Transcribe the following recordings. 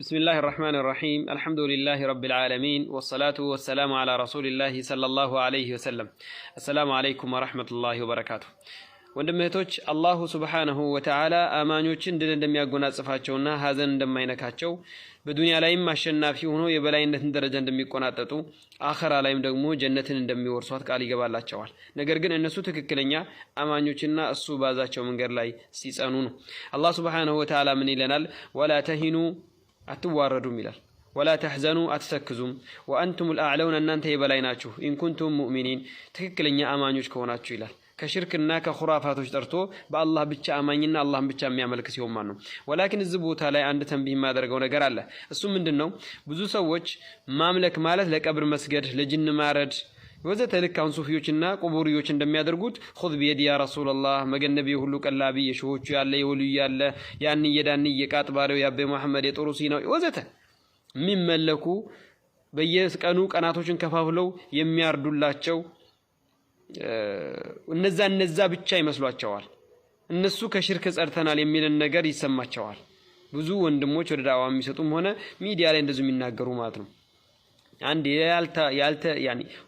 بسم الله الرحمن الرحيم الحمد لله رب العالمين والصلاة والسلام على رسول الله صلى الله عليه وسلم السلام عليكم ورحمة الله وبركاته ወንድም አላሁ ስብሓነሁ ወተዓላ አማኞችን ድል እንደሚያጎናጽፋቸውና ሀዘን እንደማይነካቸው በዱንያ ላይም አሸናፊ ሆኖ የበላይነትን ደረጃ እንደሚቆናጠጡ አኸራ ላይም ደግሞ ጀነትን እንደሚወርሷት ቃል ይገባላቸዋል። ነገር ግን እነሱ ትክክለኛ አማኞችና እሱ ባዛቸው መንገድ ላይ ሲጸኑ ነው። አላህ ስብሓነሁ ወተዓላ ምን ይለናል? ወላ ተሂኑ አትዋረዱም ይላል። ወላ ተሕዘኑ አትሰክዙም። ወአንቱም ልአዕለውን እናንተ የበላይ ናችሁ። ኢንኩንቱም ሙእሚኒን ትክክለኛ አማኞች ከሆናችሁ ይላል። ከሽርክና ከኹራፋቶች ጠርቶ በአላህ ብቻ አማኝና አላህን ብቻ የሚያመልክ ሲሆን ማን ነው። ወላኪን እዚህ ቦታ ላይ አንድ ተንቢህ የማደርገው ነገር አለ። እሱ ምንድን ነው? ብዙ ሰዎች ማምለክ ማለት ለቀብር መስገድ፣ ለጅን ማረድ ወዘተ ልክ አሁን ሱፊዎችና ቁቡሪዎች እንደሚያደርጉት ኹዝ ቢየዲ ያ ረሱለላህ መገነቢ ሁሉ ቀላቢ የሽሆቹ ያለ የወልዩ ያለ ያንዬ ዳንዬ ቃጥባሬው የአቤ መሐመድ የጦሩ ሲናው ወዘተ የሚመለኩ በየቀኑ ቀናቶችን ከፋፍለው የሚያርዱላቸው እነዛ እነዛ ብቻ ይመስሏቸዋል። እነሱ ከሽርክ ጸድተናል የሚልን ነገር ይሰማቸዋል። ብዙ ወንድሞች ወደ ዳዋ የሚሰጡም ሆነ ሚዲያ ላይ እንደዚሁ የሚናገሩ ማለት ነው። አንድ ያልተ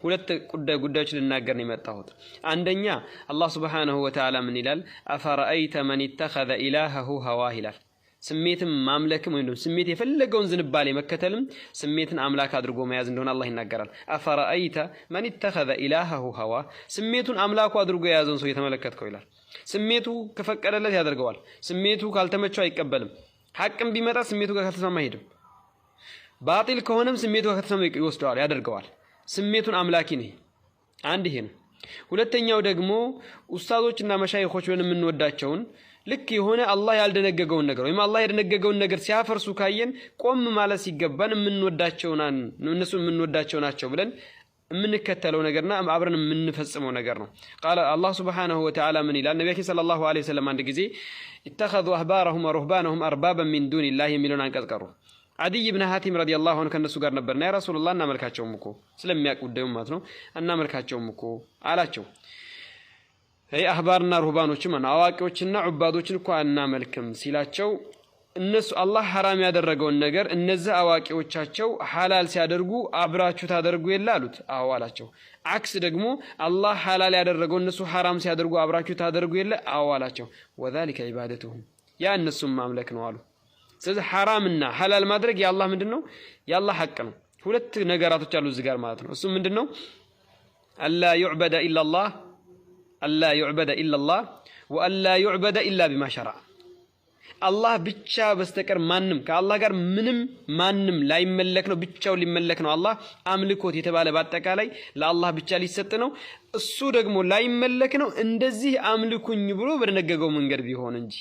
ሁለት ጉዳዮች ልናገር ነው የመጣሁት። አንደኛ አላህ ስብሓነሁ ወተዓላ ምን ይላል? አፈረአይተ መን ተኸዘ ኢላሁ ሀዋህ ይላል። ስሜትን ማምለክም ወይም ስሜት የፈለገውን ዝንባሌ መከተልም ስሜትን አምላክ አድርጎ መያዝ እንደሆነ አላህ ይናገራል። አፈረአይተ መን ተኸዘ ኢላሁ ሀዋ፣ ስሜቱን አምላኩ አድርጎ የያዘውን ሰው የተመለከትከው ይላል። ስሜቱ ከፈቀደለት ያደርገዋል። ስሜቱ ካልተመቸው አይቀበልም። ሐቅም ቢመጣ ስሜቱ ጋር ካልተስማማ አይሄድም። ባጢል ከሆነም ስሜቱ ከተሰሙ ይወስደዋል፣ ያደርገዋል። ስሜቱን አምላኪ ነህ። አንድ ይሄ ነው። ሁለተኛው ደግሞ ኡስታዞችና መሻይኾች ብለን የምንወዳቸውን ልክ የሆነ አላህ ያልደነገገውን ነገር ወይም አላህ የደነገገውን ነገር ሲያፈርሱ ካየን ቆም ማለት ሲገባን የምንወዳቸውን እነሱ የምንወዳቸው ናቸው ብለን የምንከተለው ነገርና አብረን የምንፈጽመው ነገር ነው። ቃለ አላህ ሱብሓነሁ ወተዓላ ምን ይላል? ነቢያችን ሰለላሁ ዐለይሂ ወሰለም አንድ ጊዜ ኢተኸዙ አህባረሁም ወሩህባነሁም አርባበን ሚን ዱኒላህ የሚለውን አንቀጽ ቀሩ። አዲይ ብነ ሀቲም ረዲየላሁ አንሁ ከእነሱ ጋር ነበርና ያ ረሱሉላህ እናመልካቸውም እኮ ስለሚያውቅ ጉዳዩ ማለት ነው እናመልካቸውም እኮ አላቸው። ይህ አህባርና ሩህባኖችም አዋቂዎችና ዑባዶችን እኮ አናመልክም ሲላቸው እነሱ አላህ ሐራም ያደረገውን ነገር እነዚህ አዋቂዎቻቸው ሐላል ሲያደርጉ አብራችሁ ታደርጉ የለ አሉት። አዎ አላቸው። አክስ ደግሞ አላህ ሐላል ያደረገው እነሱ ሐራም ሲያደርጉ አብራችሁ ታደርጉ የለ? አዎ አላቸው። ወዛሊከ ዒባደቱሁም ያ እነሱም ማምለክ ነው አሉ። ስለዚህ ሐራምና ሐላል ማድረግ የአላህ ምንድን ነው? የአላህ ሐቅ ነው። ሁለት ነገራቶች አሉ እዚህ ጋር ማለት ነው። እሱም ምንድን ነው? አላ ዩዕበደ ኢላላህ አላ ዩዕበደ ኢላላህ ወአላ ዩዕበደ ኢላ ቢማ ሸረዐ አላህ ብቻ በስተቀር ማንም ከአላህ ጋር ምንም ማንም ላይመለክ ነው። ብቻው ሊመለክ ነው። አላህ አምልኮት የተባለ በአጠቃላይ ለአላህ ብቻ ሊሰጥ ነው። እሱ ደግሞ ላይመለክ ነው። እንደዚህ አምልኩኝ ብሎ በደነገገው መንገድ ቢሆን እንጂ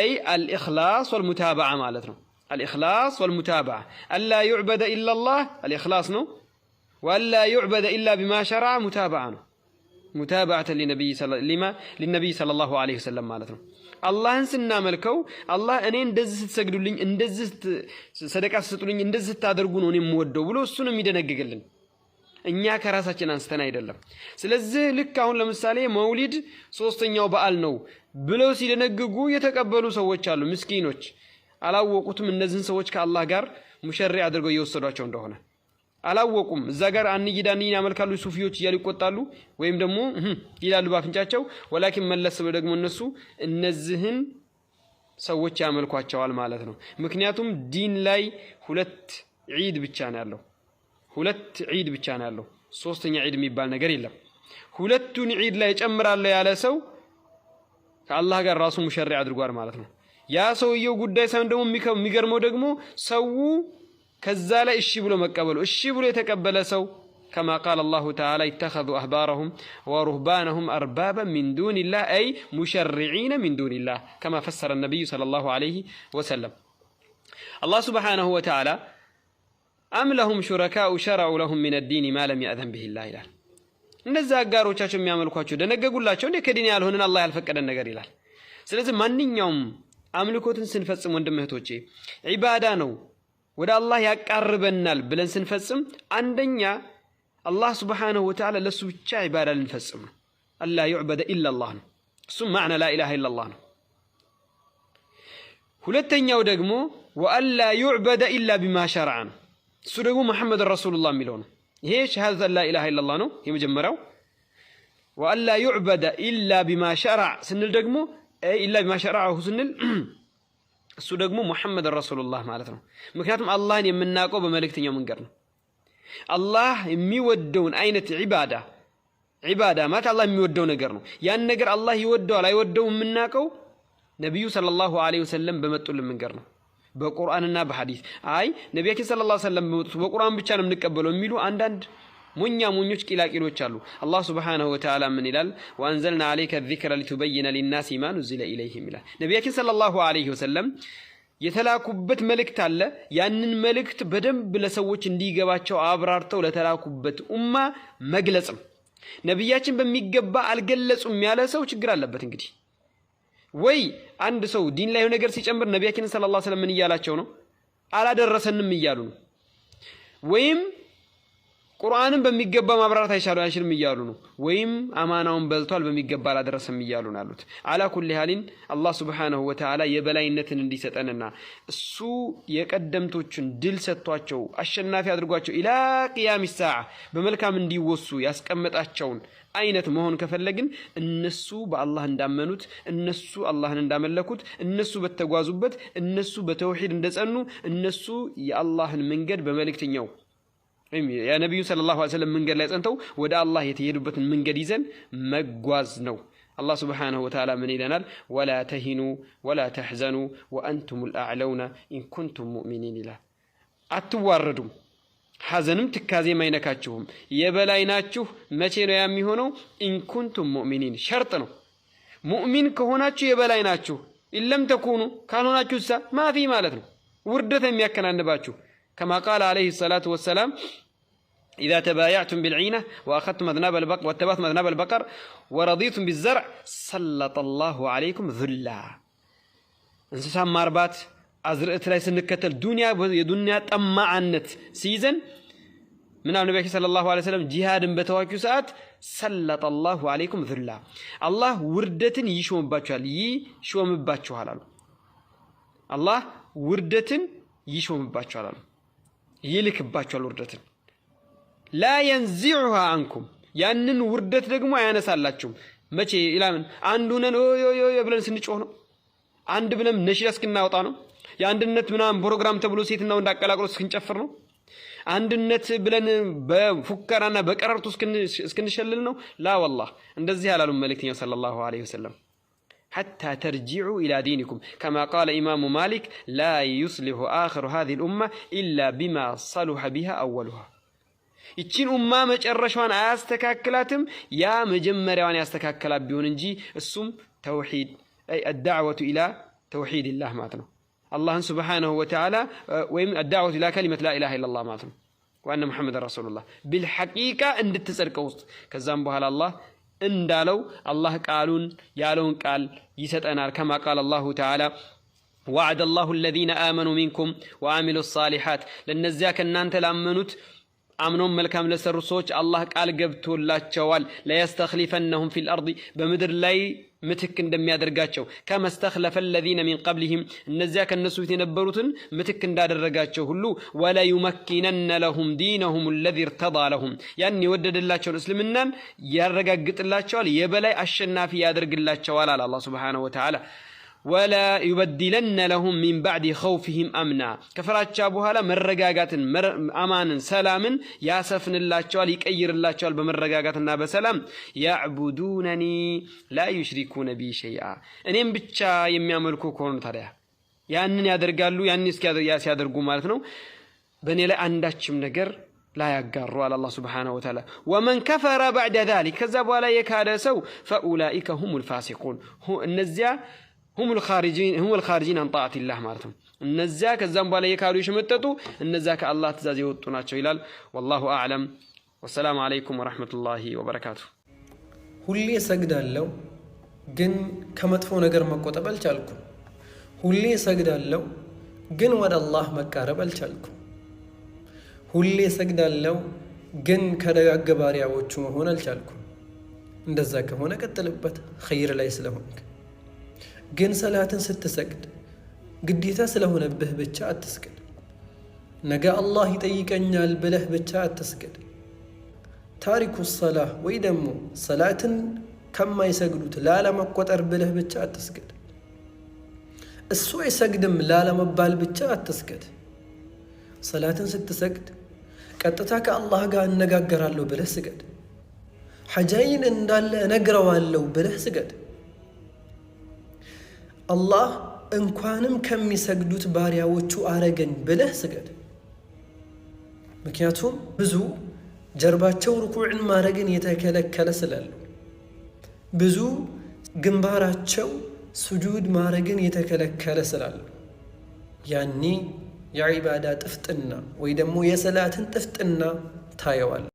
አይ አልኢኽላስ ወልሙታበዓ ማለት ነው። አልኢኽላስ ወልሙታበዓ አላ ዩዕበደ ኢላላህ አልኢኽላስ ነው። ወአላ ዩዕበደ ኢላ ቢማ ሸርዐ ሙታበዓ ነው። ሙታበዓተን ሊነቢይ ሰለላሁ ዐለይሂ ወሰለም ማለት ነው። አላህን ስናመልከው አላህ እኔ እንደዚህ ስትሰግዱልኝ፣ እንደዚህ ሰደቃ ስትሰጡልኝ፣ እንደዚህ ስታደርጉ ነው እኔ የምወደው ብሎ እሱን የሚደነግግልን እኛ ከራሳችን አንስተን አይደለም። ስለዚህ ልክ አሁን ለምሳሌ መውሊድ ሶስተኛው በዓል ነው ብለው ሲደነግጉ የተቀበሉ ሰዎች አሉ። ምስኪኖች አላወቁትም። እነዚህን ሰዎች ከአላህ ጋር ሙሸሪ አድርገው እየወሰዷቸው እንደሆነ አላወቁም። እዛ ጋር አንይዳ አንይን ያመልካሉ ሱፊዎች እያሉ ይቆጣሉ፣ ወይም ደግሞ ይላሉ ባፍንጫቸው። ወላኪን መለስ ብለው ደግሞ እነሱ እነዚህን ሰዎች ያመልኳቸዋል ማለት ነው። ምክንያቱም ዲን ላይ ሁለት ዒድ ብቻ ነው ያለው። ሁለት ዒድ ብቻ ነው ያለው። ሶስተኛ ዒድ የሚባል ነገር የለም። ሁለቱን ዒድ ላይ ጨምራለሁ ያለ ሰው ከአላህ ጋር ራሱ ሙሸሪዕ አድርጓል ማለት ነው። ያ ሰውየው ጉዳይ ሳይሆን ደግሞ የሚገርመው ደግሞ ሰው ከዛ ላይ እሺ ብሎ መቀበሉ። እሺ ብሎ የተቀበለ ሰው ከማ ቃለ አላሁ ተዓላ ይተኸዙ አህባረሁም ወሩህባነሁም አርባበን ሚን ዱኒላህ አይ ሙሸሪዒነ ሚን ዱኒላህ ከማ ፈሰረ ነቢዩ ሰለላሁ ዐለይሂ ወሰለም አላህ ሱብሓነሁ ወተዓላ አም ለሁም ሹረካኡ ሸረዑ ለሁም ሚን ዲኒ ማ ለም ያእዘን ብህ ይላል። እነዚያ አጋሮቻቸው የሚያመልኳቸው ደነገጉላቸው እንዴ ከዲን ያልሆንን አላህ ያልፈቀደን ነገር ይላል። ስለዚህ ማንኛውም አምልኮትን ስንፈጽም ወንድም እህቶቼ ዒባዳ ነው ወደ አላህ ያቃርበናል ብለን ስንፈጽም አንደኛ አላህ ስብሓነሁ ወተዓላ ለእሱ ብቻ ዒባዳ ልንፈጽም ነው። አላ ዩዕበደ ኢላ ነው። እሱም ማዕና ላኢላሃ ኢላ ነው። ሁለተኛው ደግሞ ወአላ ዩዕበደ ኢላ ቢማ ሸርዐ ነው። እሱ ደግሞ መሐመድ ረሱሉላ የሚለው ነው። ይሄ ሸሃዳ ላኢላሃ ኢለላ ነው የመጀመሪያው። ወአላ ዩዕበደ ኢላ ቢማ ሸረዐ ስንል ደግሞ ኢላ ቢማ ሸረዐሁ ስንል እሱ ደግሞ መሐመድ ረሱሉላ ማለት ነው። ምክንያቱም አላህን የምናውቀው በመልእክተኛው መንገድ ነው። አላህ የሚወደውን አይነት ዒባዳ ዒባዳ ማለት አላህ የሚወደው ነገር ነው። ያን ነገር አላህ ይወደዋል አይወደውም የምናውቀው ነቢዩ ሰለላሁ ዐለይሂ ወሰለም በመጡልን መንገድ ነው። በቁርአንና በሐዲስ አይ ነቢያችን ሰለላሁ ዐለይሂ ወሰለም በመጡት በቁርአን ብቻ ነው የምንቀበለው የሚሉ አንዳንድ ሞኛ ሞኞች ቂላቂሎች አሉ። አላህ ሱብሓነሁ ወተዓላ ምን ይላል? ወአንዘልና ዐለይከ ዚክረ ሊቱበይነ ሊናሲ ማ ኑዚለ ኢለይሂም ይላል። ነቢያችን ሰለላሁ ዐለይሂ ወሰለም የተላኩበት መልእክት አለ። ያንን መልእክት በደንብ ለሰዎች እንዲገባቸው አብራርተው ለተላኩበት ኡማ መግለጽም ነቢያችን በሚገባ አልገለጹም ያለ ሰው ችግር አለበት እንግዲህ ወይ አንድ ሰው ዲን ላይ ነገር ሲጨምር ነቢያችን ሰለላሁ ዐለይሂ ወሰለም ምን እያላቸው ነው? አላደረሰንም እያሉ ነው። ወይም ቁርአንን በሚገባ ማብራራት አይቻሉ አይችልም እያሉ ነው። ወይም አማናውን በልቷል በሚገባ አላደረሰም እያሉ ነው አሉት። አላ ኩሊ ሀሊን አላህ ሱብሓነሁ ወተዓላ የበላይነትን እንዲሰጠንና እሱ የቀደምቶችን ድል ሰጥቷቸው አሸናፊ አድርጓቸው ኢላ ቅያም ሰዓ በመልካም እንዲወሱ ያስቀመጣቸውን አይነት መሆን ከፈለግን እነሱ በአላህ እንዳመኑት እነሱ አላህን እንዳመለኩት እነሱ በተጓዙበት እነሱ በተውሂድ እንደጸኑ እነሱ የአላህን መንገድ በመልእክተኛው የነቢዩ ሰለላሁ ዐለይሂ ወሰለም መንገድ ላይ ጸንተው ወደ አላህ የተሄዱበትን መንገድ ይዘን መጓዝ ነው። አላህ ስብሓነሁ ወተዓላ ምን ይለናል? ወላ ተሂኑ ወላ ተሕዘኑ ወአንቱም ልአዕለውና ኢንኩንቱም ሙእሚኒን ይላል። አትዋረዱም ሐዘንም ትካዜም አይነካችሁም፣ የበላይ ናችሁ። መቼ ነው የሚሆነው? ኢንኩንቱም ሙእሚኒን ሸርጥ ነው። ሙእሚን ከሆናችሁ የበላይ ናችሁ። ኢለም ተኩኑ ካልሆናችሁ እሳ ማፊ ማለት ነው። ውርደት የሚያከናንባችሁ ከማቃል ቃለ ዓለይሂ ሰላቱ ወሰላም ኢዛ ተባያዕቱም ቢልዒና ወአኸድቱም ወተባዕቱም አዝናብ አልበቀር ወረዲቱም ቢዘርዕ ሰለጠ ላሁ ዓለይኩም ዙላ እንስሳ ማርባት አዝርዕት ላይ ስንከተል ዱንያ የዱንያ ጠማዓነት ሲይዘን ምናምን ነቢያችን ሰለላሁ ዐለይሂ ወሰለም ጂሃድን በተዋኪው ሰዓት ሰለጠ ዐለይኩም ዙላ አላህ ውርደትን ይሾምባችኋል ይሾምባችኋል አሉ። አላህ ውርደትን ይሾምባችኋል አሉ። ይልክባችኋል ውርደትን ላ የንዚዑሃ አንኩም ያንን ውርደት ደግሞ አያነሳላችሁም። መቼ ኢላምን አንድ ሁነን ብለን ስንጮህ ነው። አንድ ብለን ነሽዳ እስክናወጣ ነው። یا اندن نت منام بروغرام تبلوسیت نه اون دکل اگر اسکن چفر نو اندن نت بلن فکرانه بکرر تو اسکن اسکن شلل نو لا والله اند زیال علوم ملکتی صل الله عليه وسلم حتى ترجعوا إلى دينكم كما قال إمام مالك لا يصلح آخر هذه الأمة إلا بما صلح بها أولها إتشين أمة مش الرشوان أستكاكلاتم يا مجمّر وان أستكاكلات بيوننجي السم توحيد أي الدعوة إلى توحيد الله ما አላህን ስብሓነሁ ወተዓላ ወይም አዳዕወት ኢላ ከሊመት ላኢላሃ ኢለላህ ማለት ነው ዋና ሙሐመድ ረሱሉላህ ቢልሐቂቃ እንድትጸድቀ ውስጥ ከዛም በኋላ አላህ እንዳለው አላህ ቃሉን ያለውን ቃል ይሰጠናል። ከማ ቃል አላሁ ተዓላ ወዐደ አላሁ አለዚነ አመኑ ሚንኩም ወአሚሉ ሳሊሓት ለእነዚያ ከእናንተ ላመኑት አምኖም መልካም ለሰሩት ሰዎች አላህ ቃል ገብቶላቸዋል። ለየስተኽሊፈነሁም ፊል አርዲ በምድር ላይ ምትክ እንደሚያደርጋቸው ከመስተኽለፈ ለዚነ ሚን ቀብሊሂም እነዚያ ከእነሱ ፊት የነበሩትን ምትክ እንዳደረጋቸው ሁሉ ወለዩመኪነነ ለሁም ዲነሁም ለዚ እርተዳ ለሁም ያን የወደደላቸውን እስልምናን ያረጋግጥላቸዋል፣ የበላይ አሸናፊ ያደርግላቸዋል አለ አላህ ሱብሓነሁ ወተዓላ። ولا يبدلن لهم من بعد خوفهم أمنا كفرات شابوها لا مرقاقات مر أمان سلام ياسفن الله شوال يكير الله شوال بمرقاقاتنا سلام يعبدونني لا يشركون بي شيئا أنهم بتشا يمي أملكو كون قالوا ያንን ያደርጋሉ ያንን يا ማለት ነው በእኔ ላይ አንዳችም ነገር لا يقر على الله سبحانه وتعالى ومن كفر بعد ذلك كذب ولا يكاد سو فأولئك هم الفاسقون هو النزيا ሁሙል ኻሪጂን አን ጣዕቲላህ ማለት ነው። እነዚያ ከዛም በኋላ የካዱ የሸመጠጡ እነዚያ ከአላህ ትእዛዝ የወጡ ናቸው ይላል። ወላሁ አዕለም። ወሰላሙ አለይኩም ወረሕመቱላሂ ወበረካቱ። ሁሌ ሰግዳለሁ ግን ከመጥፎ ነገር መቆጠብ አልቻልኩም። ሁሌ ሰግዳለሁ ግን ወደ አላህ መቃረብ አልቻልኩም። ሁሌ ሰግዳለሁ ግን ከደጋግ ባሪያዎቹ መሆን አልቻልኩም። እንደዛ ከሆነ ቀጥልበት፣ ኸይር ላይ ስለሆንክ ግን ሰላትን ስትሰግድ ግዴታ ስለሆነብህ ብቻ አትስገድ። ነገ አላህ ይጠይቀኛል ብለህ ብቻ አትስገድ። ታሪኩ ሰላህ ወይ ደግሞ ሰላትን ከማይሰግዱት ላለመቆጠር ብለህ ብቻ አትስገድ። እሱ አይሰግድም ላለመባል ብቻ አትስገድ። ሰላትን ስትሰግድ ቀጥታ ከአላህ ጋር እነጋገራለሁ ብለህ ስገድ። ሐጃይን እንዳለ እነግረዋለሁ ብለህ ስገድ። አላህ እንኳንም ከሚሰግዱት ባሪያዎቹ አረገኝ ብለህ ስገድ። ምክንያቱም ብዙ ጀርባቸው ርኩዕን ማድረግን የተከለከለ ስላሉ፣ ብዙ ግንባራቸው ስጁድ ማድረግን የተከለከለ ስላሉ ያኔ የዒባዳ ጥፍጥና ወይ ደግሞ የሰላትን ጥፍጥና ታየዋል።